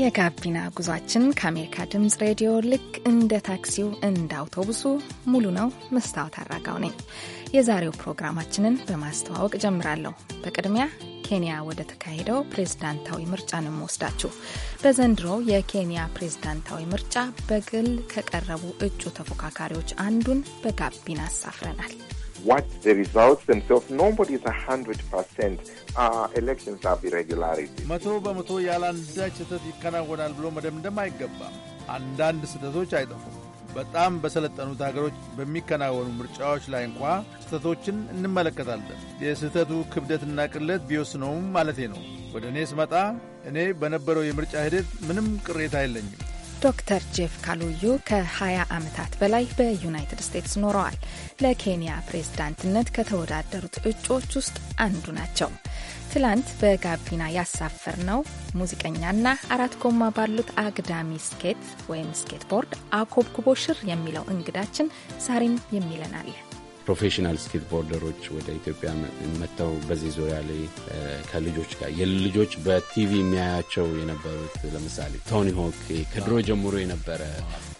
የጋቢና ጉዟችን ከአሜሪካ ድምፅ ሬዲዮ ልክ እንደ ታክሲው እንደ አውቶቡሱ ሙሉ ነው። መስታወት አራጋው ነኝ። የዛሬው ፕሮግራማችንን በማስተዋወቅ ጀምራለሁ። በቅድሚያ ኬንያ ወደ ተካሄደው ፕሬዝዳንታዊ ምርጫ ወስዳችሁ የምወስዳችሁ። በዘንድሮው የኬንያ ፕሬዝዳንታዊ ምርጫ በግል ከቀረቡ እጩ ተፎካካሪዎች አንዱን በጋቢና አሳፍረናል። what the results themselves, nobody is 100%. Uh, elections have irregularities. መቶ በመቶ ያለአንዳች ስህተት ይከናወናል ብሎ መደምደም አይገባም። አንዳንድ ስህተቶች አይጠፉም። በጣም በሰለጠኑት ሀገሮች በሚከናወኑ ምርጫዎች ላይ እንኳ ስህተቶችን እንመለከታለን። የስህተቱ ክብደትና ቅለት ቢወስነውም ማለቴ ነው። ወደ እኔ ስመጣ እኔ በነበረው የምርጫ ሂደት ምንም ቅሬታ የለኝም። ዶክተር ጄፍ ካሉዩ ከ20 ዓመታት በላይ በዩናይትድ ስቴትስ ኖረዋል። ለኬንያ ፕሬዝዳንትነት ከተወዳደሩት እጩዎች ውስጥ አንዱ ናቸው። ትላንት በጋቢና ያሳፈር ነው ሙዚቀኛና አራት ጎማ ባሉት አግዳሚ ስኬት ወይም ስኬትቦርድ አኮብኩቦ ሽር የሚለው እንግዳችን ዛሬም የሚለናል። ፕሮፌሽናል ስኬት ቦርደሮች ወደ ኢትዮጵያ መጥተው በዚህ ዙሪያ ላይ ከልጆች ጋር የልጆች በቲቪ የሚያያቸው የነበሩት ለምሳሌ ቶኒ ሆክ ከድሮ ጀምሮ የነበረ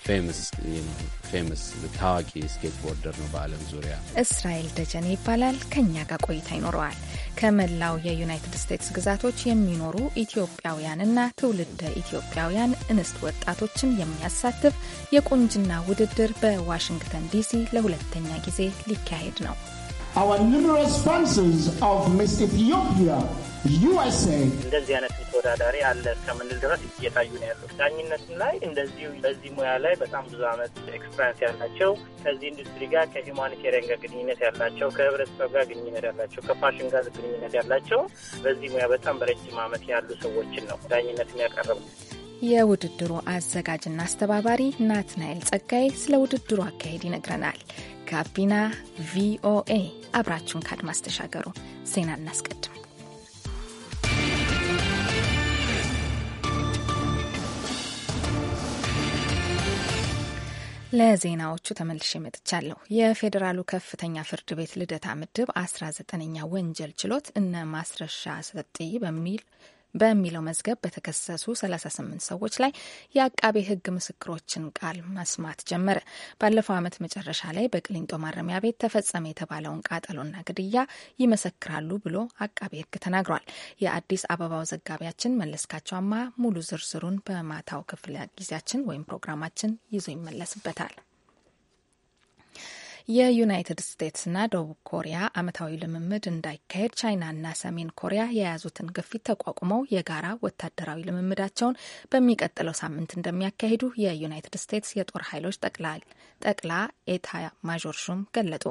ፌመስ ታዋቂ ስኬት ቦርደር ነው በዓለም ዙሪያ። እስራኤል ደጀኔ ይባላል። ከኛ ጋር ቆይታ ይኖረዋል። ከመላው የዩናይትድ ስቴትስ ግዛቶች የሚኖሩ ኢትዮጵያውያንና ትውልደ ኢትዮጵያውያን እንስት ወጣቶችን የሚያሳትፍ የቁንጅና ውድድር በዋሽንግተን ዲሲ ለሁለተኛ ጊዜ ሊካሄድ ነው። Our numerous sponsors of Miss Ethiopia እንደዚህ አይነት ተወዳዳሪ አለ እስከምንል ድረስ እየታዩ ነው ያሉት። ዳኝነትም ላይ እንደዚሁ በዚህ ሙያ ላይ በጣም ብዙ ዓመት ኤክስፐሪንስ ያላቸው ከዚህ ኢንዱስትሪ ጋር ከሂማኒቴሪያን ጋር ግንኙነት ያላቸው፣ ከህብረተሰብ ጋር ግንኙነት ያላቸው፣ ከፋሽን ጋር ግንኙነት ያላቸው በዚህ ሙያ በጣም በረጅም ዓመት ያሉ ሰዎችን ነው ዳኝነት የሚያቀርቡ። የውድድሩ አዘጋጅና አስተባባሪ ናትናኤል ጸጋይ ስለ ውድድሩ አካሄድ ይነግረናል። ጋቢና ቪኦኤ አብራችሁን ከአድማስ ተሻገሩ። ዜና እናስቀድም። ለዜናዎቹ ተመልሼ መጥቻለሁ። የፌዴራሉ ከፍተኛ ፍርድ ቤት ልደታ ምድብ አስራ ዘጠነኛ ወንጀል ችሎት እነ ማስረሻ ሰጥይ በሚል በሚለው መዝገብ በተከሰሱ 38 ሰዎች ላይ የአቃቤ ሕግ ምስክሮችን ቃል መስማት ጀመረ። ባለፈው ዓመት መጨረሻ ላይ በቅሊንጦ ማረሚያ ቤት ተፈጸመ የተባለውን ቃጠሎና ግድያ ይመሰክራሉ ብሎ አቃቤ ሕግ ተናግሯል። የአዲስ አበባው ዘጋቢያችን መለስካቸው አማ ሙሉ ዝርዝሩን በማታው ክፍለ ጊዜያችን ወይም ፕሮግራማችን ይዞ ይመለስበታል። የዩናይትድ ስቴትስና ደቡብ ኮሪያ አመታዊ ልምምድ እንዳይካሄድ ቻይናና ሰሜን ኮሪያ የያዙትን ግፊት ተቋቁመው የጋራ ወታደራዊ ልምምዳቸውን በሚቀጥለው ሳምንት እንደሚያካሂዱ የዩናይትድ ስቴትስ የጦር ኃይሎች ጠቅላ ኤታ ማዦር ሹም ገለጡ።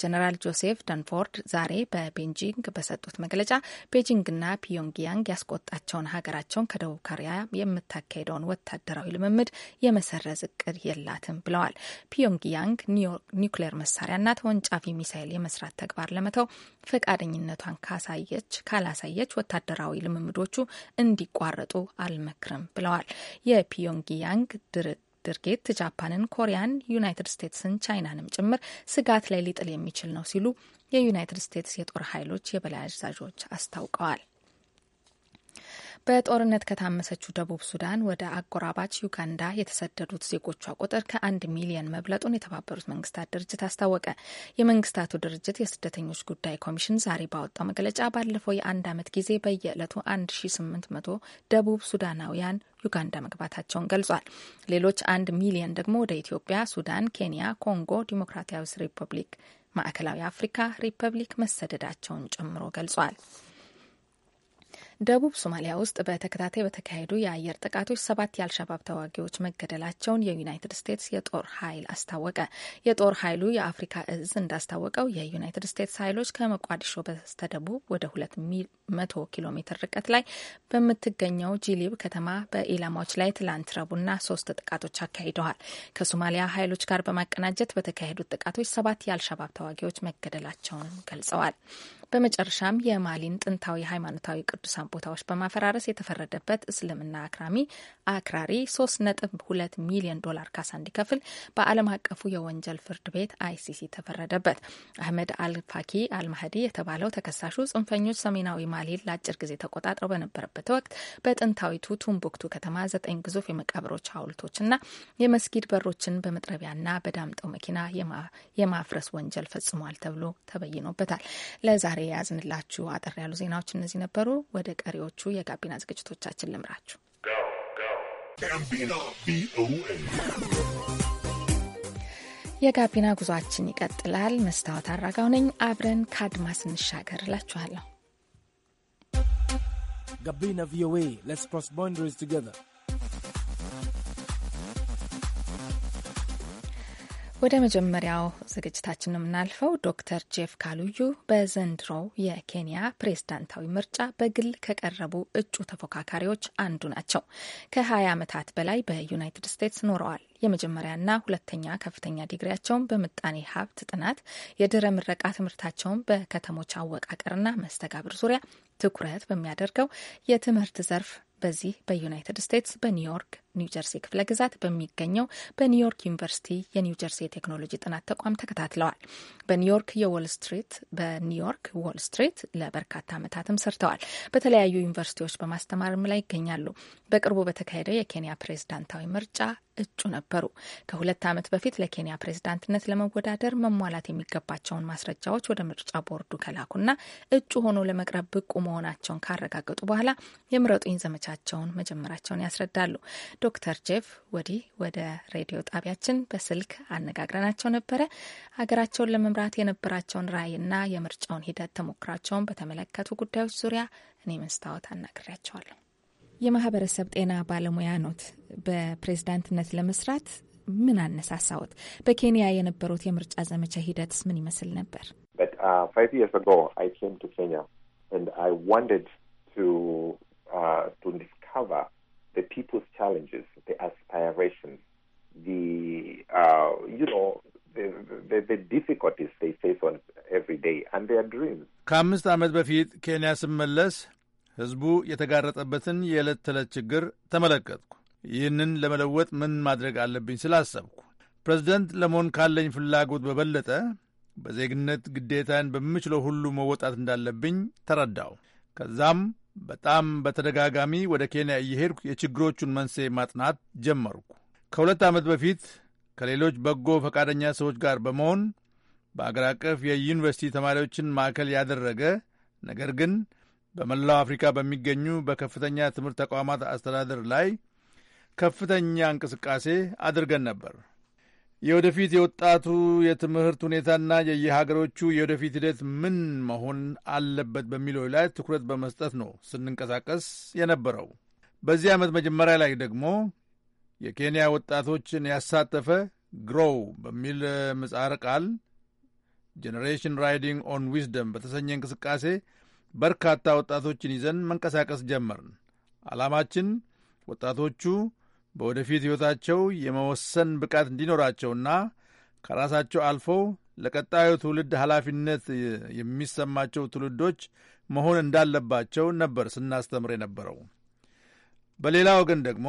ጀነራል ጆሴፍ ደንፎርድ ዛሬ በቤጂንግ በሰጡት መግለጫ ቤጂንግና ፒዮንግያንግ ያስቆጣቸውን ሀገራቸውን ከደቡብ ኮሪያ የምታካሄደውን ወታደራዊ ልምምድ የመሰረዝ እቅድ የላትም ብለዋል። ፒዮንግያንግ ኒውክሌር መሳሪያና ተወንጫፊ ሚሳይል የመስራት ተግባር ለመተው ፈቃደኝነቷን ካሳየች ካላሳየች ወታደራዊ ልምምዶቹ እንዲቋረጡ አልመክርም ብለዋል። የፒዮንግያንግ ድርቅ ድርጊት ጃፓንን፣ ኮሪያን፣ ዩናይትድ ስቴትስን፣ ቻይናንም ጭምር ስጋት ላይ ሊጥል የሚችል ነው ሲሉ የዩናይትድ ስቴትስ የጦር ኃይሎች የበላይ አዛዦች አስታውቀዋል። በጦርነት ከታመሰችው ደቡብ ሱዳን ወደ አጎራባች ዩጋንዳ የተሰደዱት ዜጎቿ ቁጥር ከአንድ ሚሊየን መብለጡን የተባበሩት መንግስታት ድርጅት አስታወቀ። የመንግስታቱ ድርጅት የስደተኞች ጉዳይ ኮሚሽን ዛሬ ባወጣው መግለጫ ባለፈው የአንድ ዓመት ጊዜ በየዕለቱ 1800 ደቡብ ሱዳናውያን ዩጋንዳ መግባታቸውን ገልጿል። ሌሎች አንድ ሚሊዮን ደግሞ ወደ ኢትዮጵያ፣ ሱዳን፣ ኬንያ፣ ኮንጎ ዲሞክራቲያዊ ሪፐብሊክ፣ ማዕከላዊ አፍሪካ ሪፐብሊክ መሰደዳቸውን ጨምሮ ገልጿል። ደቡብ ሶማሊያ ውስጥ በተከታታይ በተካሄዱ የአየር ጥቃቶች ሰባት የአልሸባብ ተዋጊዎች መገደላቸውን የዩናይትድ ስቴትስ የጦር ኃይል አስታወቀ። የጦር ኃይሉ የአፍሪካ እዝ እንዳስታወቀው የዩናይትድ ስቴትስ ኃይሎች ከመቋዲሾ በስተደቡብ ወደ ሁለት መቶ ኪሎ ሜትር ርቀት ላይ በምትገኘው ጂሊብ ከተማ በኢላማዎች ላይ ትላንት ረቡዕና ሶስት ጥቃቶች አካሂደዋል። ከሶማሊያ ኃይሎች ጋር በማቀናጀት በተካሄዱት ጥቃቶች ሰባት የአልሻባብ ተዋጊዎች መገደላቸውን ገልጸዋል። በመጨረሻም የማሊን ጥንታዊ ሃይማኖታዊ ቅዱሳን ቦታዎች በማፈራረስ የተፈረደበት እስልምና አክራሚ አክራሪ ሶስት ነጥብ ሁለት ሚሊዮን ዶላር ካሳ እንዲከፍል በዓለም አቀፉ የወንጀል ፍርድ ቤት አይሲሲ ተፈረደበት። አህመድ አልፋኪ አልማህዲ የተባለው ተከሳሹ ጽንፈኞች ሰሜናዊ ማሊን ለአጭር ጊዜ ተቆጣጥረው በነበረበት ወቅት በጥንታዊቱ ቱምቡክቱ ከተማ ዘጠኝ ግዙፍ የመቃብሮች ሐውልቶችና የመስጊድ በሮችን በመጥረቢያና በዳምጠው መኪና የማፍረስ ወንጀል ፈጽሟል ተብሎ ተበይኖበታል። ለዛሬ የያዝንላችሁ አጠር ያሉ ዜናዎች እነዚህ ነበሩ። ወደ ቀሪዎቹ የጋቢና ዝግጅቶቻችን ልምራችሁ። የጋቢና ጉዟችን ይቀጥላል። መስታወት አራጋው ነኝ። አብረን ከአድማስ እንሻገር እላችኋለሁ። ጋቢና ቪኦኤ ሌትስ ክሮስ ቦንደሪስ ቱጌዘር ወደ መጀመሪያው ዝግጅታችን ነው የምናልፈው። ዶክተር ጄፍ ካሉዩ በዘንድሮው የኬንያ ፕሬዝዳንታዊ ምርጫ በግል ከቀረቡ እጩ ተፎካካሪዎች አንዱ ናቸው። ከ20 ዓመታት በላይ በዩናይትድ ስቴትስ ኖረዋል። የመጀመሪያና ሁለተኛ ከፍተኛ ዲግሪያቸውን በምጣኔ ሀብት ጥናት፣ የድረ ምረቃ ትምህርታቸውን በከተሞች አወቃቀርና መስተጋብር ዙሪያ ትኩረት በሚያደርገው የትምህርት ዘርፍ በዚህ በዩናይትድ ስቴትስ በኒውዮርክ ኒውጀርሲ ክፍለ ግዛት በሚገኘው በኒውዮርክ ዩኒቨርሲቲ የኒውጀርሲ የቴክኖሎጂ ጥናት ተቋም ተከታትለዋል። በኒውዮርክ የዎል ስትሪት በኒውዮርክ ዎል ስትሪት ለበርካታ ዓመታትም ሰርተዋል። በተለያዩ ዩኒቨርሲቲዎች በማስተማርም ላይ ይገኛሉ። በቅርቡ በተካሄደው የኬንያ ፕሬዝዳንታዊ ምርጫ እጩ ነበሩ። ከሁለት ዓመት በፊት ለኬንያ ፕሬዝዳንትነት ለመወዳደር መሟላት የሚገባቸውን ማስረጃዎች ወደ ምርጫ ቦርዱ ከላኩና እጩ ሆኖ ለመቅረብ ብቁ መሆናቸውን ካረጋገጡ በኋላ የምረጡኝ ዘመቻቸውን መጀመራቸውን ያስረዳሉ። ዶክተር ጄፍ ወዲህ ወደ ሬዲዮ ጣቢያችን በስልክ አነጋግረናቸው ነበረ። ሀገራቸውን ለመምራት የነበራቸውን ራዕይና የምርጫውን ሂደት ተሞክራቸውን በተመለከቱ ጉዳዮች ዙሪያ እኔ መስታወት አናግሬያቸዋለሁ። የማህበረሰብ ጤና ባለሙያ ኖት። በፕሬዝዳንትነት ለመስራት ምን አነሳሳዎት? በኬንያ የነበሩት የምርጫ ዘመቻ ሂደትስ ምን ይመስል ነበር? Uh, the people's challenges, the aspirations, the uh, you know the, the, the difficulties they face on every day and their dreams። ከአምስት ዓመት በፊት ኬንያ ስመለስ ህዝቡ የተጋረጠበትን የዕለት ተዕለት ችግር ተመለከትኩ። ይህንን ለመለወጥ ምን ማድረግ አለብኝ ስላሰብኩ ፕሬዚደንት ለመሆን ካለኝ ፍላጎት በበለጠ በዜግነት ግዴታን በምችለው ሁሉ መወጣት እንዳለብኝ ተረዳው። ከዛም በጣም በተደጋጋሚ ወደ ኬንያ እየሄድኩ የችግሮቹን መንስኤ ማጥናት ጀመርኩ። ከሁለት ዓመት በፊት ከሌሎች በጎ ፈቃደኛ ሰዎች ጋር በመሆን በአገር አቀፍ የዩኒቨርሲቲ ተማሪዎችን ማዕከል ያደረገ ነገር ግን በመላው አፍሪካ በሚገኙ በከፍተኛ ትምህርት ተቋማት አስተዳደር ላይ ከፍተኛ እንቅስቃሴ አድርገን ነበር። የወደፊት የወጣቱ የትምህርት ሁኔታና የየሀገሮቹ የወደፊት ሂደት ምን መሆን አለበት በሚለው ላይ ትኩረት በመስጠት ነው ስንንቀሳቀስ የነበረው። በዚህ ዓመት መጀመሪያ ላይ ደግሞ የኬንያ ወጣቶችን ያሳተፈ ግሮው በሚል ምጻረ ቃል ጄኔሬሽን ራይዲንግ ኦን ዊዝደም በተሰኘ እንቅስቃሴ በርካታ ወጣቶችን ይዘን መንቀሳቀስ ጀመርን። ዓላማችን ወጣቶቹ በወደፊት ሕይወታቸው የመወሰን ብቃት እንዲኖራቸውና ከራሳቸው አልፎ ለቀጣዩ ትውልድ ኃላፊነት የሚሰማቸው ትውልዶች መሆን እንዳለባቸው ነበር ስናስተምር የነበረው። በሌላ ወገን ደግሞ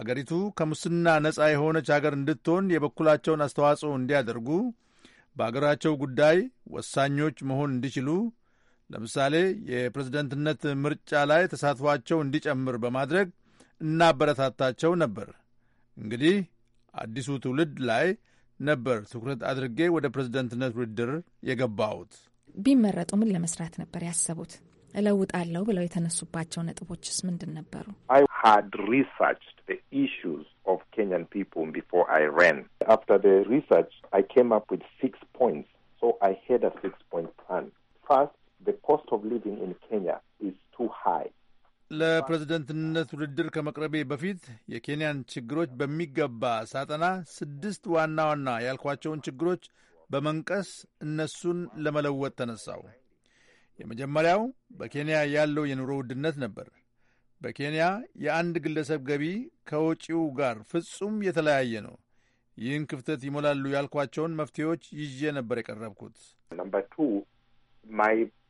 አገሪቱ ከሙስና ነፃ የሆነች አገር እንድትሆን የበኩላቸውን አስተዋጽኦ እንዲያደርጉ በአገራቸው ጉዳይ ወሳኞች መሆን እንዲችሉ ለምሳሌ የፕሬዝደንትነት ምርጫ ላይ ተሳትፏቸው እንዲጨምር በማድረግ እናበረታታቸው ነበር። እንግዲህ አዲሱ ትውልድ ላይ ነበር ትኩረት አድርጌ ወደ ፕሬዝደንትነት ውድድር የገባሁት። ቢመረጡ ምን ለመስራት ነበር ያሰቡት? እለውጣለሁ ብለው የተነሱባቸው ነጥቦችስ ምንድን ነበሩ? ለፕሬዝደንትነት ውድድር ከመቅረቤ በፊት የኬንያን ችግሮች በሚገባ ሳጠና ስድስት ዋና ዋና ያልኳቸውን ችግሮች በመንቀስ እነሱን ለመለወጥ ተነሳው። የመጀመሪያው በኬንያ ያለው የኑሮ ውድነት ነበር። በኬንያ የአንድ ግለሰብ ገቢ ከወጪው ጋር ፍጹም የተለያየ ነው። ይህን ክፍተት ይሞላሉ ያልኳቸውን መፍትሄዎች ይዤ ነበር የቀረብኩት።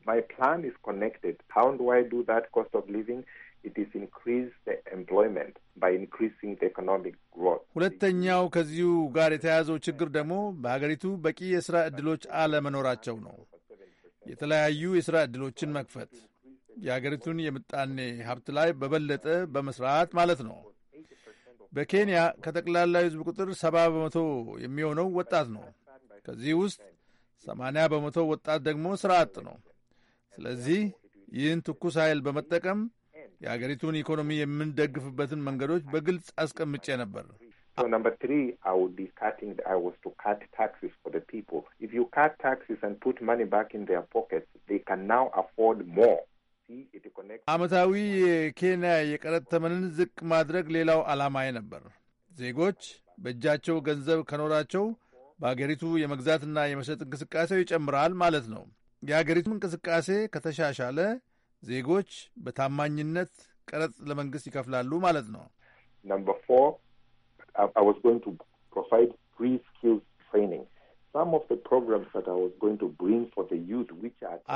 My plan is connected. How do I do that? Cost of living it is increase the employment by increasing the economic growth። ሁለተኛው ከዚሁ ጋር የተያያዘው ችግር ደግሞ በሀገሪቱ በቂ የሥራ ዕድሎች አለመኖራቸው ነው። የተለያዩ የሥራ ዕድሎችን መክፈት የሀገሪቱን የምጣኔ ሀብት ላይ በበለጠ በመስራት ማለት ነው። በኬንያ ከጠቅላላ ሕዝብ ቁጥር ሰባ በመቶ የሚሆነው ወጣት ነው። ከዚህ ውስጥ ሰማንያ በመቶ ወጣት ደግሞ ሥራ አጥ ነው። ስለዚህ ይህን ትኩስ ኃይል በመጠቀም የአገሪቱን ኢኮኖሚ የምንደግፍበትን መንገዶች በግልጽ አስቀምጬ ነበር። ዓመታዊ የኬንያ የቀረጥ ተመንን ዝቅ ማድረግ ሌላው ዓላማዬ ነበር። ዜጎች በእጃቸው ገንዘብ ከኖራቸው በአገሪቱ የመግዛትና የመሸጥ እንቅስቃሴው ይጨምራል ማለት ነው። የአገሪቱ እንቅስቃሴ ከተሻሻለ ዜጎች በታማኝነት ቀረጥ ለመንግስት ይከፍላሉ ማለት ነው።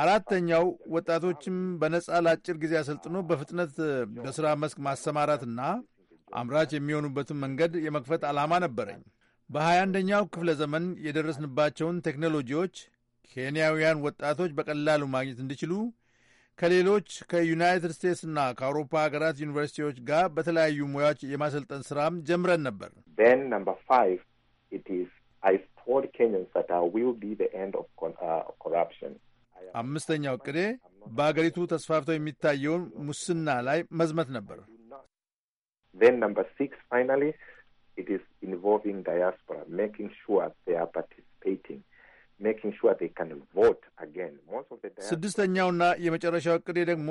አራተኛው ወጣቶችም በነጻ ለአጭር ጊዜ አሰልጥኖ በፍጥነት በሥራ መስክ ማሰማራትና አምራች የሚሆኑበትን መንገድ የመክፈት ዓላማ ነበረኝ። በሀያ አንደኛው ክፍለ ዘመን የደረስንባቸውን ቴክኖሎጂዎች ኬንያውያን ወጣቶች በቀላሉ ማግኘት እንዲችሉ ከሌሎች ከዩናይትድ ስቴትስና ከአውሮፓ ሀገራት ዩኒቨርሲቲዎች ጋር በተለያዩ ሙያዎች የማሰልጠን ስራም ጀምረን ነበር። uh, አምስተኛው እቅዴ በአገሪቱ ተስፋፍተው የሚታየውን ሙስና ላይ መዝመት ነበር። ዳያስፖራ ስድስተኛውና የመጨረሻው እቅዴ ደግሞ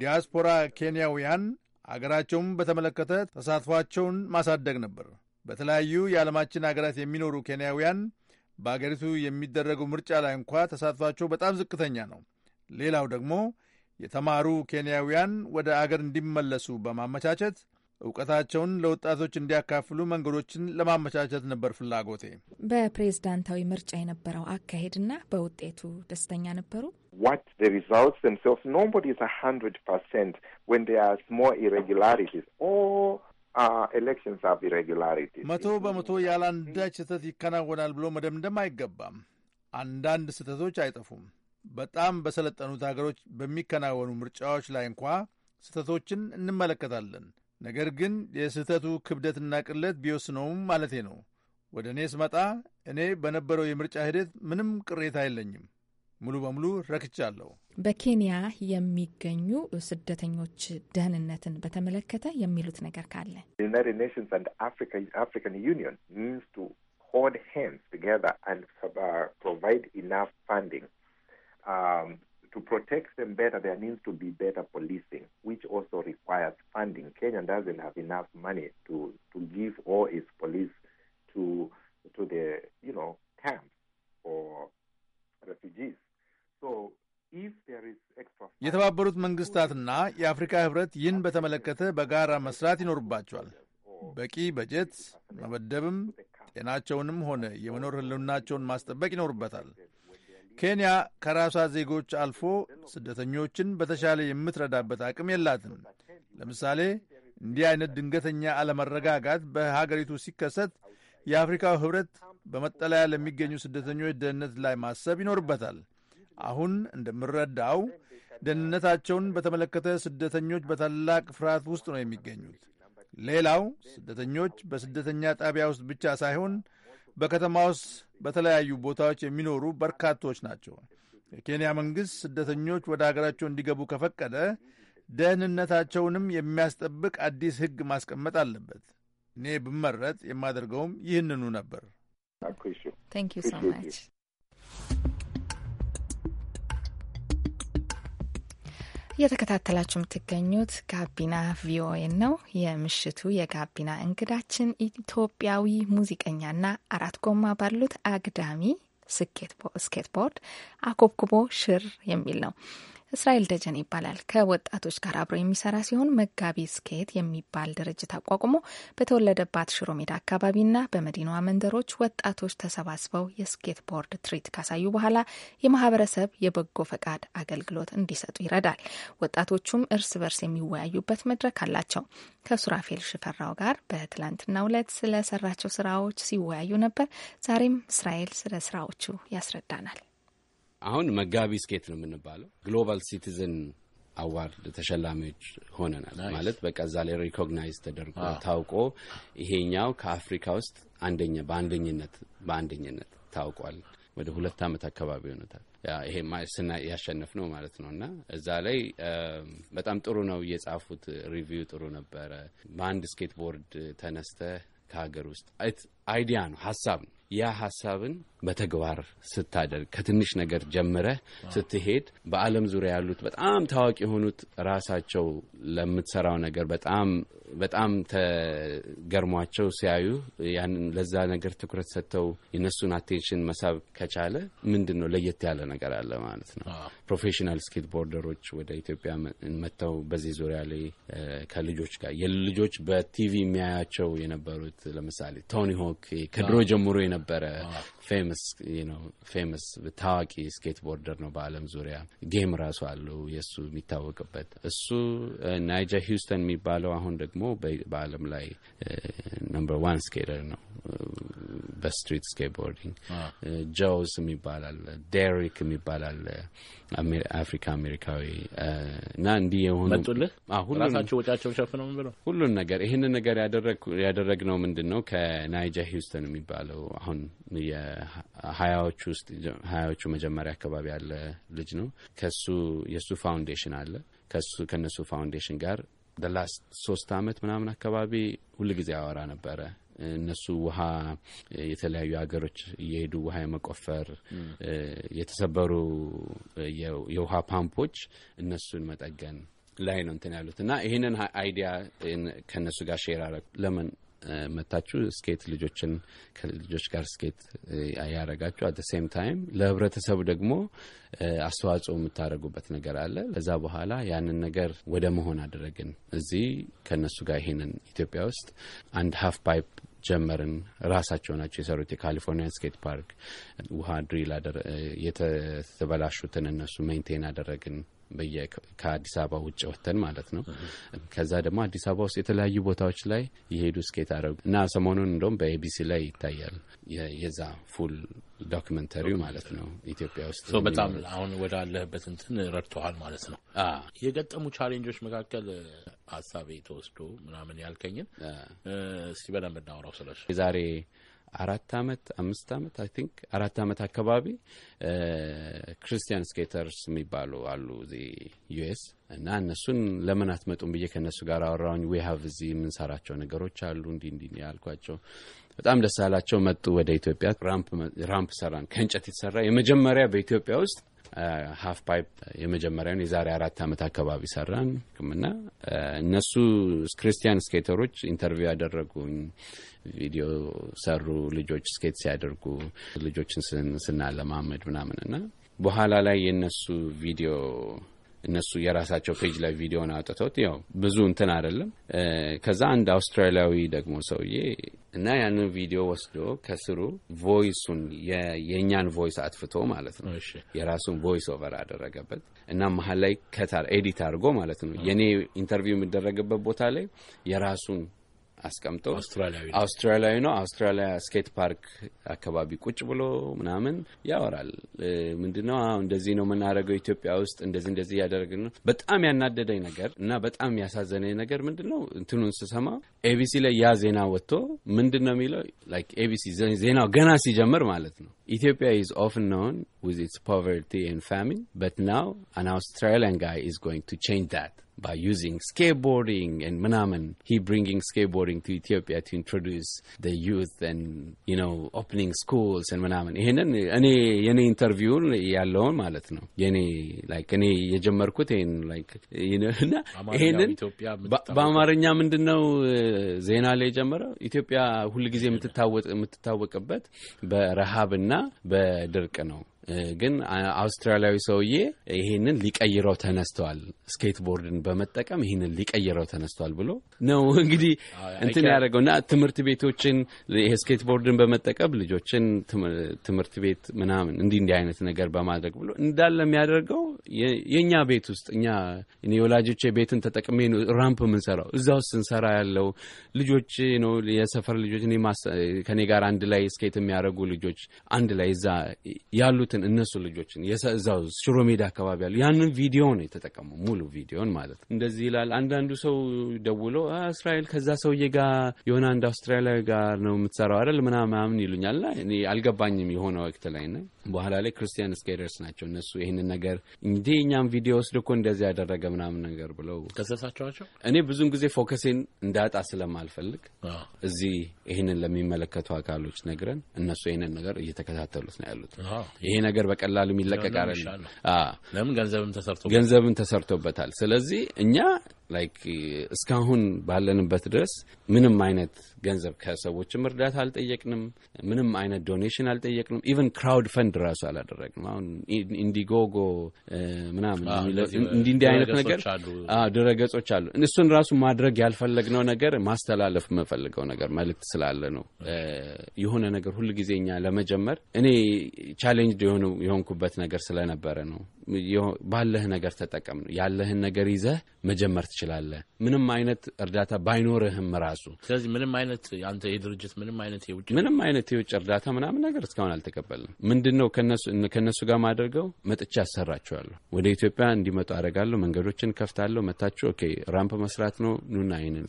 ዲያስፖራ ኬንያውያን አገራቸውም በተመለከተ ተሳትፏቸውን ማሳደግ ነበር። በተለያዩ የዓለማችን አገራት የሚኖሩ ኬንያውያን በአገሪቱ የሚደረገው ምርጫ ላይ እንኳ ተሳትፏቸው በጣም ዝቅተኛ ነው። ሌላው ደግሞ የተማሩ ኬንያውያን ወደ አገር እንዲመለሱ በማመቻቸት እውቀታቸውን ለወጣቶች እንዲያካፍሉ መንገዶችን ለማመቻቸት ነበር ፍላጎቴ። በፕሬዝዳንታዊ ምርጫ የነበረው አካሄድና በውጤቱ ደስተኛ ነበሩ? Uh, መቶ በመቶ ያለአንዳች ስህተት ይከናወናል ብሎ መደምደም አይገባም። አንዳንድ ስህተቶች አይጠፉም። በጣም በሰለጠኑት ሀገሮች በሚከናወኑ ምርጫዎች ላይ እንኳ ስህተቶችን እንመለከታለን። ነገር ግን የስህተቱ ክብደትና ቅለት ቢወስነውም ማለቴ ነው። ወደ እኔ ስመጣ እኔ በነበረው የምርጫ ሂደት ምንም ቅሬታ የለኝም። ሙሉ በሙሉ ረክቻለሁ። በኬንያ የሚገኙ ስደተኞች ደህንነትን በተመለከተ የሚሉት ነገር ካለ ዩናይትድ ኔሽንስ ኤንድ አፍሪካን ዩኒየን ቱ ሆልድ ቱጌዘር ፕሮቫይድ ኢናፍ ፋንዲንግ to protect them better, there needs to be better policing, which also requires funding. Kenya doesn't have enough money to, to give all its police to to the you know camps for refugees. So የተባበሩት መንግስታትና የአፍሪካ ህብረት ይህን በተመለከተ በጋራ መስራት ይኖርባቸዋል። በቂ በጀት መመደብም ጤናቸውንም ሆነ የመኖር ህልውናቸውን ማስጠበቅ ይኖርበታል። ኬንያ ከራሷ ዜጎች አልፎ ስደተኞችን በተሻለ የምትረዳበት አቅም የላትም። ለምሳሌ እንዲህ አይነት ድንገተኛ አለመረጋጋት በሀገሪቱ ሲከሰት የአፍሪካው ኅብረት በመጠለያ ለሚገኙ ስደተኞች ደህንነት ላይ ማሰብ ይኖርበታል። አሁን እንደምረዳው ደህንነታቸውን በተመለከተ ስደተኞች በታላቅ ፍርሃት ውስጥ ነው የሚገኙት። ሌላው ስደተኞች በስደተኛ ጣቢያ ውስጥ ብቻ ሳይሆን በከተማ ውስጥ በተለያዩ ቦታዎች የሚኖሩ በርካቶች ናቸው። የኬንያ መንግሥት ስደተኞች ወደ አገራቸው እንዲገቡ ከፈቀደ ደህንነታቸውንም የሚያስጠብቅ አዲስ ሕግ ማስቀመጥ አለበት። እኔ ብመረጥ የማደርገውም ይህንኑ ነበር። እየተከታተላችሁ የምትገኙት ጋቢና ቪኦኤ ነው። የምሽቱ የጋቢና እንግዳችን ኢትዮጵያዊ ሙዚቀኛና አራት ጎማ ባሉት አግዳሚ ስኬትቦርድ አኮብኩቦ ሽር የሚል ነው። እስራኤል ደጀን ይባላል። ከወጣቶች ጋር አብሮ የሚሰራ ሲሆን መጋቢ ስኬት የሚባል ድርጅት አቋቁሞ በተወለደባት ሽሮ ሜዳ አካባቢና በመዲናዋ መንደሮች ወጣቶች ተሰባስበው የስኬት ቦርድ ትርኢት ካሳዩ በኋላ የማህበረሰብ የበጎ ፈቃድ አገልግሎት እንዲሰጡ ይረዳል። ወጣቶቹም እርስ በርስ የሚወያዩበት መድረክ አላቸው። ከሱራፌል ሽፈራው ጋር በትላንትናው ዕለት ስለሰራቸው ስራዎች ሲወያዩ ነበር። ዛሬም እስራኤል ስለ ስራዎቹ ያስረዳናል። አሁን መጋቢ ስኬት ነው የምንባለው። ግሎባል ሲቲዝን አዋርድ ተሸላሚዎች ሆነናል ማለት በቃ እዛ ላይ ሪኮግናይዝ ተደርጎ ah. ታውቆ ይሄኛው ከአፍሪካ ውስጥ አንደኛ በአንደኝነት በአንደኝነት ታውቋል። ወደ ሁለት ዓመት አካባቢ ሆኖታል። ይሄ ስና ያሸነፍ ነው ማለት ነው። እና እዛ ላይ በጣም ጥሩ ነው የጻፉት ሪቪው ጥሩ ነበረ። በአንድ ስኬት ቦርድ ተነስተ ከሀገር ውስጥ አይዲያ ነው ሀሳብ ነው ያ ሀሳብን በተግባር ስታደርግ ከትንሽ ነገር ጀምረህ ስትሄድ በዓለም ዙሪያ ያሉት በጣም ታዋቂ የሆኑት ራሳቸው ለምትሰራው ነገር በጣም በጣም ተገርሟቸው ሲያዩ ያንን ለዛ ነገር ትኩረት ሰጥተው የነሱን አቴንሽን መሳብ ከቻለ ምንድን ነው ለየት ያለ ነገር አለ ማለት ነው። ፕሮፌሽናል ስኬት ቦርደሮች ወደ ኢትዮጵያ መጥተው በዚህ ዙሪያ ላይ ከልጆች ጋር የልጆች በቲቪ የሚያያቸው የነበሩት ለምሳሌ ቶኒ ሆክ ከድሮ ጀምሮ የነበ better ፌመስ ነው ፌመስ ታዋቂ ስኬት ቦርደር ነው በአለም ዙሪያ ጌም ራሱ አለው የእሱ የሚታወቅበት እሱ ናይጃ uh, ሂውስተን የሚባለው አሁን ደግሞ በአለም ላይ ነምበር ዋን ስኬተር ነው uh, በስትሪት ስኬትቦርዲንግ ጆውስ uh, የሚባል ዴሪክ አፍሪካ አሜሪካዊ እና እንዲህ የሆኑ ወጫቸው ሸፍነው ብለው ሁሉን ነገር ይህንን ነገር ያደረግነው ምንድን ነው ከናይጃ ሂውስተን የሚባለው አሁን ሀያዎቹ ውስጥ ሀያዎቹ መጀመሪያ አካባቢ ያለ ልጅ ነው። ከሱ የእሱ ፋውንዴሽን አለ ከሱ ከእነሱ ፋውንዴሽን ጋር ላስት ሶስት አመት ምናምን አካባቢ ጊዜ አወራ ነበረ። እነሱ ውሃ የተለያዩ ሀገሮች እየሄዱ ውሃ የመቆፈር የተሰበሩ የውሃ ፓምፖች እነሱን መጠገን ላይ ነው እንትን ያሉት እና ይህንን አይዲያ ከእነሱ ጋር ሼር አረግ ለምን መታችሁ ስኬት ልጆችን ከልጆች ጋር ስኬት ያረጋችሁ አት ሴም ታይም ለህብረተሰቡ ደግሞ አስተዋጽኦ የምታደርጉበት ነገር አለ። ከዛ በኋላ ያንን ነገር ወደ መሆን አደረግን። እዚህ ከእነሱ ጋር ይሄንን ኢትዮጵያ ውስጥ አንድ ሀፍ ፓይፕ ጀመርን። ራሳቸው ናቸው የሰሩት። የካሊፎርኒያን ስኬት ፓርክ ውሃ ድሪል የተበላሹትን እነሱ ሜንቴን አደረግን። ከአዲስ አበባ ውጭ ወተን ማለት ነው። ከዛ ደግሞ አዲስ አበባ ውስጥ የተለያዩ ቦታዎች ላይ የሄዱ ስኬት አረጉ እና ሰሞኑን እንደውም በኤቢሲ ላይ ይታያል የዛ ፉል ዶክመንተሪው ማለት ነው። ኢትዮጵያ ውስጥ በጣም አሁን ወዳለህበት እንትን ረድተዋል ማለት ነው። የገጠሙ ቻሌንጆች መካከል ሀሳቤ ተወስዶ ምናምን ያልከኝን እስቲ በደንብ እናውራው ስለሱ የዛሬ አራት አመት አምስት አመት አይ ቲንክ አራት አመት አካባቢ ክርስቲያን ስኬተርስ የሚባሉ አሉ እዚህ ዩኤስ እና እነሱን ለምን አትመጡም ብዬ ከእነሱ ጋር አወራውኝ ዊ ሀቭ እዚህ የምንሰራቸው ነገሮች አሉ እንዲ እንዲ ያልኳቸው በጣም ደስ አላቸው። መጡ ወደ ኢትዮጵያ። ራምፕ ሰራን ከእንጨት የተሰራ የመጀመሪያ በኢትዮጵያ ውስጥ ሀፍ ፓይፕ የመጀመሪያውን የዛሬ አራት ዓመት አካባቢ ሰራን። ህክምና እነሱ ክርስቲያን ስኬተሮች ኢንተርቪው ያደረጉኝ ቪዲዮ ሰሩ ልጆች ስኬት ሲያደርጉ ልጆችን ስናለማመድ ምናምን እና በኋላ ላይ የእነሱ ቪዲዮ እነሱ የራሳቸው ፔጅ ላይ ቪዲዮን አውጥተውት ያው ብዙ እንትን አይደለም። ከዛ አንድ አውስትራሊያዊ ደግሞ ሰውዬ እና ያንን ቪዲዮ ወስዶ ከስሩ ቮይሱን የእኛን ቮይስ አጥፍቶ ማለት ነው የራሱን ቮይስ ኦቨር አደረገበት እና መሀል ላይ ከታር ኤዲት አድርጎ ማለት ነው የእኔ ኢንተርቪው የሚደረግበት ቦታ ላይ የራሱን አስቀምጦ አውስትራሊያዊ ነው። አውስትራሊያ ስኬት ፓርክ አካባቢ ቁጭ ብሎ ምናምን ያወራል። ምንድነው እንደዚህ ነው የምናደርገው ኢትዮጵያ ውስጥ እንደዚህ እንደዚህ እያደረግን ነው። በጣም ያናደደኝ ነገር እና በጣም ያሳዘነኝ ነገር ምንድን ነው እንትኑን ስሰማ ኤቢሲ ላይ ያ ዜና ወጥቶ ምንድን ነው የሚለው ላይክ ኤቢሲ ዜናው ገና ሲጀምር ማለት ነው ኢትዮጵያ ኢዝ ኦፍን ኖን ዊዝ ኢትስ ፖቨርቲ ኤንድ ፋሚን በት ናው አን አውስትራሊያን ጋይ ኢዝ ጎይንግ ቱ ቼንጅ ዳት by using skateboarding and Manaman. He bringing skateboarding to Ethiopia to introduce the youth and, you know, opening schools and Manaman. ይህንን እኔ የኔ ኢንተርቪው ያለውን ማለት ነው የኔ ላይክ እኔ የጀመርኩት ይህን ላይክ እና ይህንን በአማርኛ ምንድን ነው uh, ዜና ላይ የጀመረው ኢትዮጵያ ሁልጊዜ የምትታወቅበት በረሃብና በድርቅ ነው። ግን አውስትራሊያዊ ሰውዬ ይህንን ሊቀይረው ተነስተዋል፣ ስኬትቦርድን በመጠቀም ይህንን ሊቀይረው ተነስተዋል ብሎ ነው እንግዲህ እንትን ያደረገው እና ትምህርት ቤቶችን ስኬትቦርድን በመጠቀም ልጆችን ትምህርት ቤት ምናምን እንዲህ እንዲህ አይነት ነገር በማድረግ ብሎ እንዳለ የሚያደርገው የእኛ ቤት ውስጥ እኛ የወላጆች ቤትን ተጠቅሜ ራምፕ የምንሰራው እዛ ውስጥ ስንሰራ ያለው ልጆች ነው የሰፈር ልጆች ከኔ ጋር አንድ ላይ ስኬት የሚያደርጉ ልጆች አንድ ላይ እዛ ያሉት ያሉትን እነሱ ልጆችን እዛው ሽሮ ሜዳ አካባቢ ያሉ ያንን ቪዲዮ ነው የተጠቀሙ ሙሉ ቪዲዮን ማለት እንደዚህ ይላል። አንዳንዱ ሰው ደውሎ እስራኤል ከዛ ሰውዬ ጋር የሆነ አንድ አውስትራሊያዊ ጋር ነው የምትሰራው አይደል ምናምን ይሉኛል። እኔ አልገባኝም የሆነ ወቅት ላይ ነ በኋላ ላይ ክርስቲያን ስኬደርስ ናቸው እነሱ ይህንን ነገር እንዴ እኛም ቪዲዮ ወስድ እኮ እንደዚህ ያደረገ ምናምን ነገር ብለው ከሰሳቸዋቸው። እኔ ብዙን ጊዜ ፎከሴን እንዳጣ ስለማልፈልግ እዚህ ይህንን ለሚመለከቱ አካሎች ነግረን እነሱ ይህንን ነገር እየተከታተሉት ነው ያሉት። ይሄ ነገር በቀላሉ የሚለቀቅ አይደለም። ለምን ገንዘብም ተሰርቶ ገንዘብም ተሰርቶበታል። ስለዚህ እኛ ላይክ እስካሁን ባለንበት ድረስ ምንም አይነት ገንዘብ ከሰዎችም እርዳታ አልጠየቅንም። ምንም አይነት ዶኔሽን አልጠየቅንም። ኢቨን ክራውድ ፈንድ ራሱ አላደረግንም። አሁን ኢንዲጎጎ ምናምን እንዲህ አይነት ነገር ድረገጾች አሉ። እሱን ራሱ ማድረግ ያልፈለግነው ነገር ማስተላለፍ የምፈልገው ነገር መልእክት ስላለ ነው። የሆነ ነገር ሁልጊዜ እኛ ለመጀመር እኔ ቻሌንጅ የሆንኩበት ነገር ስለነበረ ነው ባለህ ነገር ተጠቀም ነው። ያለህን ነገር ይዘህ መጀመር ትችላለህ፣ ምንም አይነት እርዳታ ባይኖርህም ራሱ። ስለዚህ ምንም አይነት አንተ የድርጅት ምንም አይነት የውጭ ምንም አይነት የውጭ እርዳታ ምናምን ነገር እስካሁን አልተቀበልንም። ምንድን ነው ከእነሱ ጋር ማደርገው መጥቻ ያሰራቸዋለሁ፣ ወደ ኢትዮጵያ እንዲመጡ አደርጋለሁ፣ መንገዶችን ከፍታለሁ። መታችሁ ኦኬ፣ ራምፕ መስራት ነው ኑና አይንን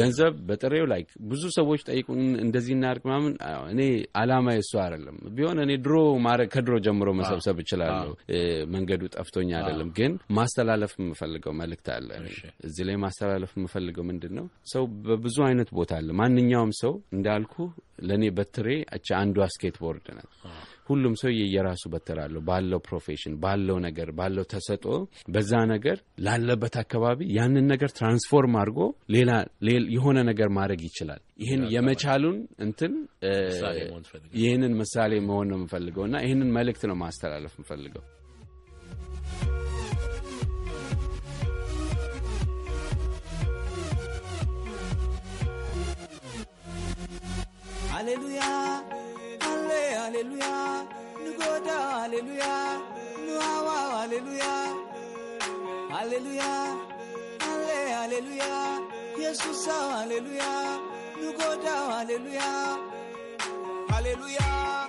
ገንዘብ በጥሬው ላይ ብዙ ሰዎች ጠይቁ እንደዚህ እናድርግ ምናምን። እኔ አላማ የሱ አይደለም ቢሆን እኔ ድሮ ከድሮ ጀምሮ መሰብሰብ እችላለሁ መንገዱ ጠፍቶኝ አይደለም፣ ግን ማስተላለፍ የምፈልገው መልእክት አለ። እዚህ ላይ ማስተላለፍ የምፈልገው ምንድን ነው? ሰው በብዙ አይነት ቦታ አለ። ማንኛውም ሰው እንዳልኩ ለእኔ በትሬ እቺ አንዷ ስኬትቦርድ ናት። ሁሉም ሰው የየራሱ በትር አለው። ባለው ፕሮፌሽን፣ ባለው ነገር፣ ባለው ተሰጦ በዛ ነገር ላለበት አካባቢ ያንን ነገር ትራንስፎርም አድርጎ ሌላ የሆነ ነገር ማድረግ ይችላል። ይህን የመቻሉን እንትን ይህንን ምሳሌ መሆን ነው የምፈልገው እና ይህንን መልእክት ነው ማስተላለፍ የምፈልገው። Hallelujah, Hallelujah, Nugoda, Hallelujah, Nuawa, Hallelujah, Hallelujah, Hallelujah, Jesus, Hallelujah, Nugoda, Hallelujah, Hallelujah.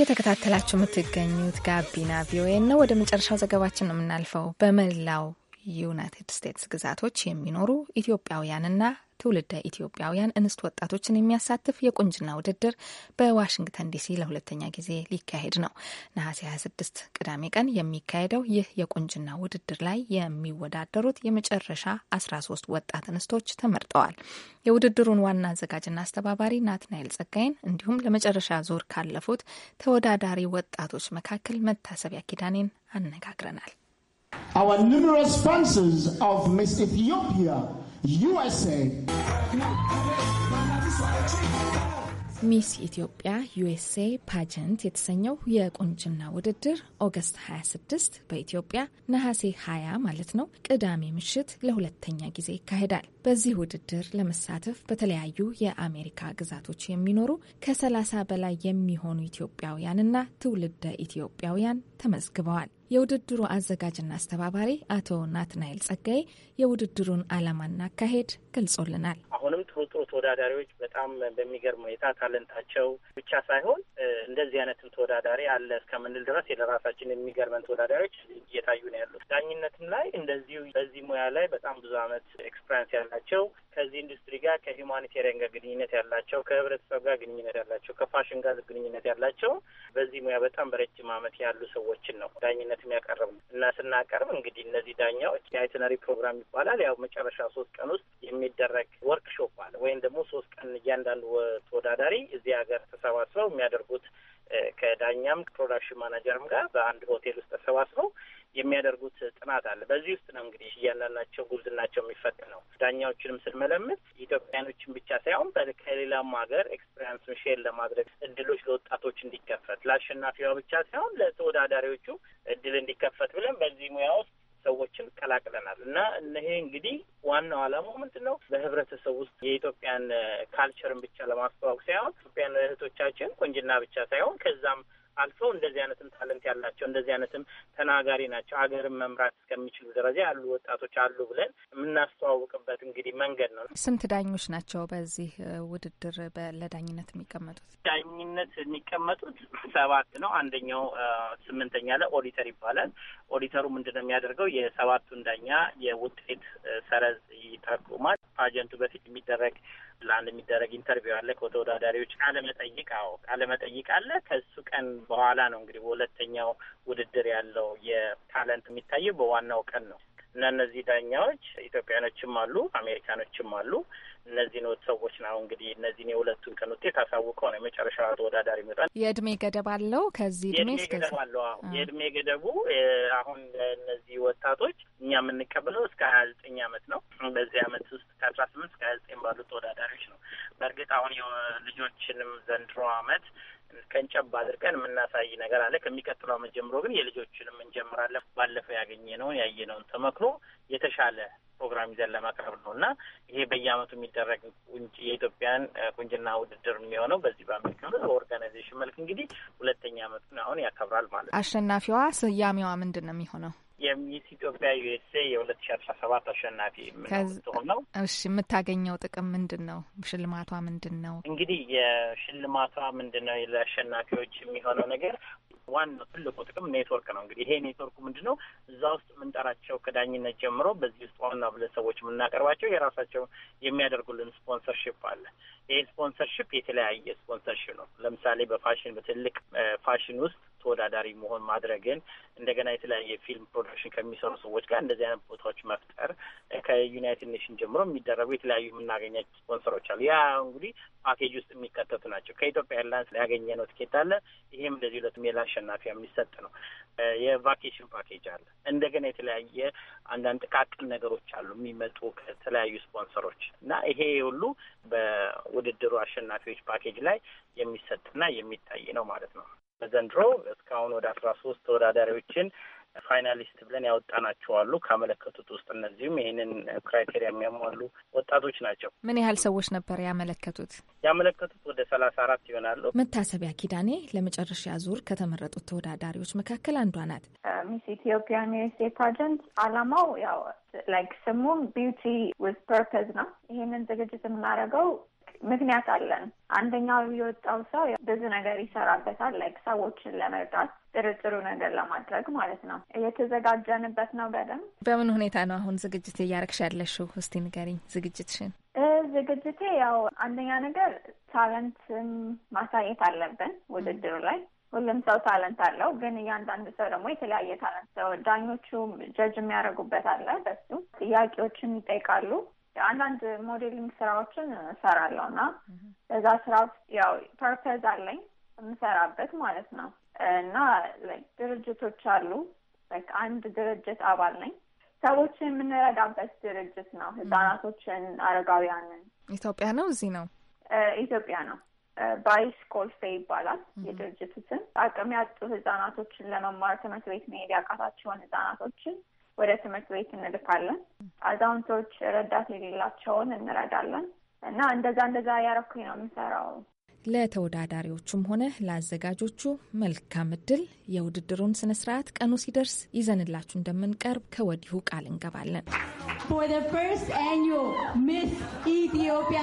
እየተከታተላችሁ የምትገኙት ጋቢና ቪኦኤ ነው። ወደ መጨረሻው ዘገባችን ነው የምናልፈው። በመላው ዩናይትድ ስቴትስ ግዛቶች የሚኖሩ ኢትዮጵያውያንና ትውልደ ኢትዮጵያውያን እንስት ወጣቶችን የሚያሳትፍ የቁንጅና ውድድር በዋሽንግተን ዲሲ ለሁለተኛ ጊዜ ሊካሄድ ነው። ነሐሴ 26 ቅዳሜ ቀን የሚካሄደው ይህ የቁንጅና ውድድር ላይ የሚወዳደሩት የመጨረሻ 13 ወጣት እንስቶች ተመርጠዋል። የውድድሩን ዋና አዘጋጅና አስተባባሪ ናትናኤል ጸጋይን እንዲሁም ለመጨረሻ ዙር ካለፉት ተወዳዳሪ ወጣቶች መካከል መታሰቢያ ኪዳኔን አነጋግረናል። Our numerous sponsors of Miss Ethiopia USA ሚስ ኢትዮጵያ ዩኤስኤ ፓጀንት የተሰኘው የቁንጅና ውድድር ኦገስት 26 በኢትዮጵያ ነሐሴ 20 ማለት ነው ቅዳሜ ምሽት ለሁለተኛ ጊዜ ይካሄዳል። በዚህ ውድድር ለመሳተፍ በተለያዩ የአሜሪካ ግዛቶች የሚኖሩ ከ30 በላይ የሚሆኑ ኢትዮጵያውያንና ትውልደ ኢትዮጵያውያን ተመዝግበዋል። የውድድሩ አዘጋጅና አስተባባሪ አቶ ናትናኤል ጸጋዬ የውድድሩን ዓላማና አካሄድ ገልጾልናል። በጣም ጥሩ ጥሩ ተወዳዳሪዎች በጣም በሚገርም ሁኔታ ታለንታቸው ብቻ ሳይሆን እንደዚህ አይነትም ተወዳዳሪ አለ እስከምንል ድረስ የለራሳችን የሚገርመን ተወዳዳሪዎች እየታዩ ነው ያሉት። ዳኝነትም ላይ እንደዚሁ በዚህ ሙያ ላይ በጣም ብዙ አመት ኤክስፐሪንስ ያላቸው ከዚህ ኢንዱስትሪ ጋር ከሂማኒቴሪያን ጋር ግንኙነት ያላቸው ከህብረተሰብ ጋር ግንኙነት ያላቸው ከፋሽን ጋር ግንኙነት ያላቸው በዚህ ሙያ በጣም በረጅም አመት ያሉ ሰዎችን ነው ዳኝነት የሚያቀርብ እና ስናቀርብ እንግዲህ እነዚህ ዳኛዎች የአይትነሪ ፕሮግራም ይባላል። ያው መጨረሻ ሶስት ቀን ውስጥ የሚደረግ ወርክሾፕ ተዋውቋል ወይም ደግሞ ሶስት ቀን እያንዳንዱ ተወዳዳሪ እዚህ ሀገር ተሰባስበው የሚያደርጉት ከዳኛም ፕሮዳክሽን ማናጀርም ጋር በአንድ ሆቴል ውስጥ ተሰባስበው የሚያደርጉት ጥናት አለ። በዚህ ውስጥ ነው እንግዲህ እያንዳንዳቸው ጉብዝናቸው የሚፈተነው። ዳኛዎችንም ስንመለምት ኢትዮጵያኖችን ብቻ ሳይሆን ከሌላም ሀገር ኤክስፔሪንሱን ሼር ለማድረግ እድሎች ለወጣቶች እንዲከፈት ለአሸናፊዋ ብቻ ሳይሆን ለተወዳዳሪዎቹ እድል እንዲከፈት ብለን በዚህ ሙያ ውስጥ ተቀላቅለናል እና እነሄ እንግዲህ ዋናው ዓላማው ምንድን ነው? በህብረተሰብ ውስጥ የኢትዮጵያን ካልቸርን ብቻ ለማስተዋወቅ ሳይሆን ኢትዮጵያን እህቶቻችን ቁንጅና ብቻ ሳይሆን ከዛም አልፈው እንደዚህ አይነትም ታለንት ያላቸው እንደዚህ አይነትም ተናጋሪ ናቸው ሀገርን መምራት እስከሚችሉ ደረጃ ያሉ ወጣቶች አሉ ብለን የምናስተዋውቅበት እንግዲህ መንገድ ነው። ስንት ዳኞች ናቸው በዚህ ውድድር ለዳኝነት የሚቀመጡት? ዳኝነት የሚቀመጡት ሰባት ነው። አንደኛው ስምንተኛ ላይ ኦዲተር ይባላል። ኦዲተሩ ምንድነው የሚያደርገው? የሰባቱን ዳኛ የውጤት ሰረዝ ይጠቁማል። ፓጀንቱ በፊት የሚደረግ ለአንድ የሚደረግ ኢንተርቪው አለ፣ ከተወዳዳሪዎች ቃለ መጠይቅ አዎ፣ ቃለ መጠይቅ አለ። ከሱ ቀን በኋላ ነው እንግዲህ በሁለተኛው ውድድር ያለው የታለንት የሚታየው በዋናው ቀን ነው እና እነዚህ ዳኛዎች ኢትዮጵያኖችም አሉ፣ አሜሪካኖችም አሉ። እነዚህን ሰዎች ነው እንግዲህ እነዚህን የሁለቱን ቀን ውጤት አሳውቀው ነው የመጨረሻ ተወዳዳሪ ይመጣል። የእድሜ ገደብ አለው። ከዚህ እድሜ ገደብ አለው። አሁን የእድሜ ገደቡ አሁን እነዚህ ወጣቶች እኛ የምንቀበለው እስከ ሀያ ዘጠኝ አመት ነው። በዚህ አመት ውስጥ ከአስራ ስምንት እስከ ሀያ ዘጠኝ ባሉ ተወዳዳሪዎች ነው። በእርግጥ አሁን ልጆችንም ዘንድሮ አመት ቀንጨብ አድርገን የምናሳይ ነገር አለ። ከሚቀጥለው ዓመት ጀምሮ ግን የልጆችንም እንጀምራለን። ባለፈው ያገኘነውን ያየነውን ተመክሮ የተሻለ ፕሮግራም ይዘን ለማቅረብ ነው እና ይሄ በየዓመቱ የሚደረግ የኢትዮጵያን ቁንጅና ውድድር የሚሆነው በዚህ በአሜሪካ በኦርጋናይዜሽን መልክ እንግዲህ ሁለተኛ ዓመቱን አሁን ያከብራል ማለት ነው። አሸናፊዋ ስያሜዋ ምንድን ነው የሚሆነው? የሚስ ኢትዮጵያ ዩኤስኤ የሁለት ሺ አስራ ሰባት አሸናፊ የምትሆነው እሺ፣ የምታገኘው ጥቅም ምንድን ነው? ሽልማቷ ምንድን ነው? እንግዲህ የሽልማቷ ምንድን ነው? ለአሸናፊዎች የሚሆነው ነገር ዋናው ትልቁ ጥቅም ኔትወርክ ነው። እንግዲህ ይሄ ኔትወርኩ ምንድን ነው? እዛ ውስጥ የምንጠራቸው ከዳኝነት ጀምሮ በዚህ ውስጥ ዋና ብለ ሰዎች የምናቀርባቸው የራሳቸው የሚያደርጉልን ስፖንሰርሽፕ አለ። ይህ ስፖንሰርሽፕ የተለያየ ስፖንሰርሽፕ ነው። ለምሳሌ በፋሽን በትልቅ ፋሽን ውስጥ ተወዳዳሪ መሆን ማድረግን እንደገና የተለያየ ፊልም ፕሮዳክሽን ከሚሰሩ ሰዎች ጋር እንደዚህ አይነት ቦታዎች መፍጠር ከዩናይትድ ኔሽን ጀምሮ የሚደረጉ የተለያዩ የምናገኛቸው ስፖንሰሮች አሉ። ያ እንግዲህ ፓኬጅ ውስጥ የሚከተቱ ናቸው። ከኢትዮጵያ ኤርላይንስ ነው ትኬት አለ። ይሄም እንደዚህ ለሜላ አሸናፊ የሚሰጥ ነው። የቫኬሽን ፓኬጅ አለ። እንደገና የተለያየ አንዳንድ ጥቃቅን ነገሮች አሉ የሚመጡ ከተለያዩ ስፖንሰሮች እና ይሄ ሁሉ በ የውድድሩ አሸናፊዎች ፓኬጅ ላይ የሚሰጥና የሚታይ ነው ማለት ነው። በዘንድሮ እስካሁን ወደ አስራ ሶስት ተወዳዳሪዎችን ፋይናሊስት ብለን ያወጣናቸው አሉ። ካመለከቱት ውስጥ እነዚህም ይህንን ክራይቴሪያ የሚያሟሉ ወጣቶች ናቸው። ምን ያህል ሰዎች ነበር ያመለከቱት? ያመለከቱት ወደ ሰላሳ አራት ይሆናሉ። መታሰቢያ ኪዳኔ ለመጨረሻ ዙር ከተመረጡት ተወዳዳሪዎች መካከል አንዷ ናት። ሚስ ኢትዮጵያ ሚስ ፓጀንት አላማው ያው ላይክ ስሙም ቢውቲ ዊዝ ፐርፐዝ ነው። ይህንን ዝግጅት የምናደርገው ምክንያት አለን። አንደኛው የወጣው ሰው ብዙ ነገር ይሰራበታል። ላይክ ሰዎችን ለመርዳት ጥርጥሩ ነገር ለማድረግ ማለት ነው። እየተዘጋጀንበት ነው በደንብ። በምን ሁኔታ ነው አሁን ዝግጅት እያረግሽ ያለሽው? እስቲ ንገሪኝ ዝግጅትሽን። ዝግጅቴ ያው አንደኛ ነገር ታለንትም ማሳየት አለብን ውድድሩ ላይ ሁሉም ሰው ታለንት አለው፣ ግን እያንዳንዱ ሰው ደግሞ የተለያየ ታለንት ሰው ዳኞቹ ጀጅ የሚያደርጉበት አለ። በሱ ጥያቄዎችን ይጠይቃሉ። አንዳንድ ሞዴሊንግ ስራዎችን እሰራለሁ እና በዛ ስራ ውስጥ ያው ፐርፐዝ አለኝ የምሰራበት ማለት ነው እና ድርጅቶች አሉ አንድ ድርጅት አባል ነኝ። ሰዎችን የምንረዳበት ድርጅት ነው። ህጻናቶችን፣ አረጋውያንን። ኢትዮጵያ ነው? እዚህ ነው? ኢትዮጵያ ነው። ባይስ ኮልፌ ይባላል የድርጅቱ ስም። አቅም ያጡ ህጻናቶችን ለመማር ትምህርት ቤት መሄድ ያቃታቸውን ህጻናቶችን ወደ ትምህርት ቤት እንልካለን። አዛውንቶች ረዳት የሌላቸውን እንረዳለን እና እንደዛ እንደዛ ያረኩኝ ነው የምሰራው። ለተወዳዳሪዎቹም ሆነ ለአዘጋጆቹ መልካም እድል። የውድድሩን ስነ ስርዓት ቀኑ ሲደርስ ይዘንላችሁ እንደምንቀርብ ከወዲሁ ቃል እንገባለን። ኢትዮጵያ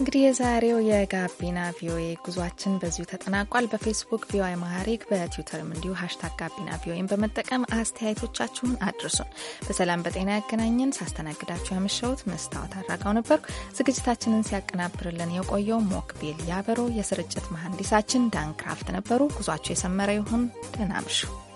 እንግዲህ የዛሬው የጋቢና ቪኦኤ ጉዟችን በዚሁ ተጠናቋል። በፌስቡክ ቪኦኤ ማሀሪክ በትዊተርም እንዲሁ ሀሽታግ ጋቢና ቪኦኤን በመጠቀም አስተያየቶቻችሁን አድርሱን። በሰላም በጤና ያገናኘን። ሳስተናግዳችሁ ያመሸሁት መስታወት አራጋው ነበርኩ። ዝግጅታችንን ሲያቀናብርልን የቆየው ሞክቤል ያበሮ፣ የስርጭት መሐንዲሳችን ዳንክራፍት ነበሩ። ጉዟችሁ የሰመረ ይሁን። ደህና አምሹ።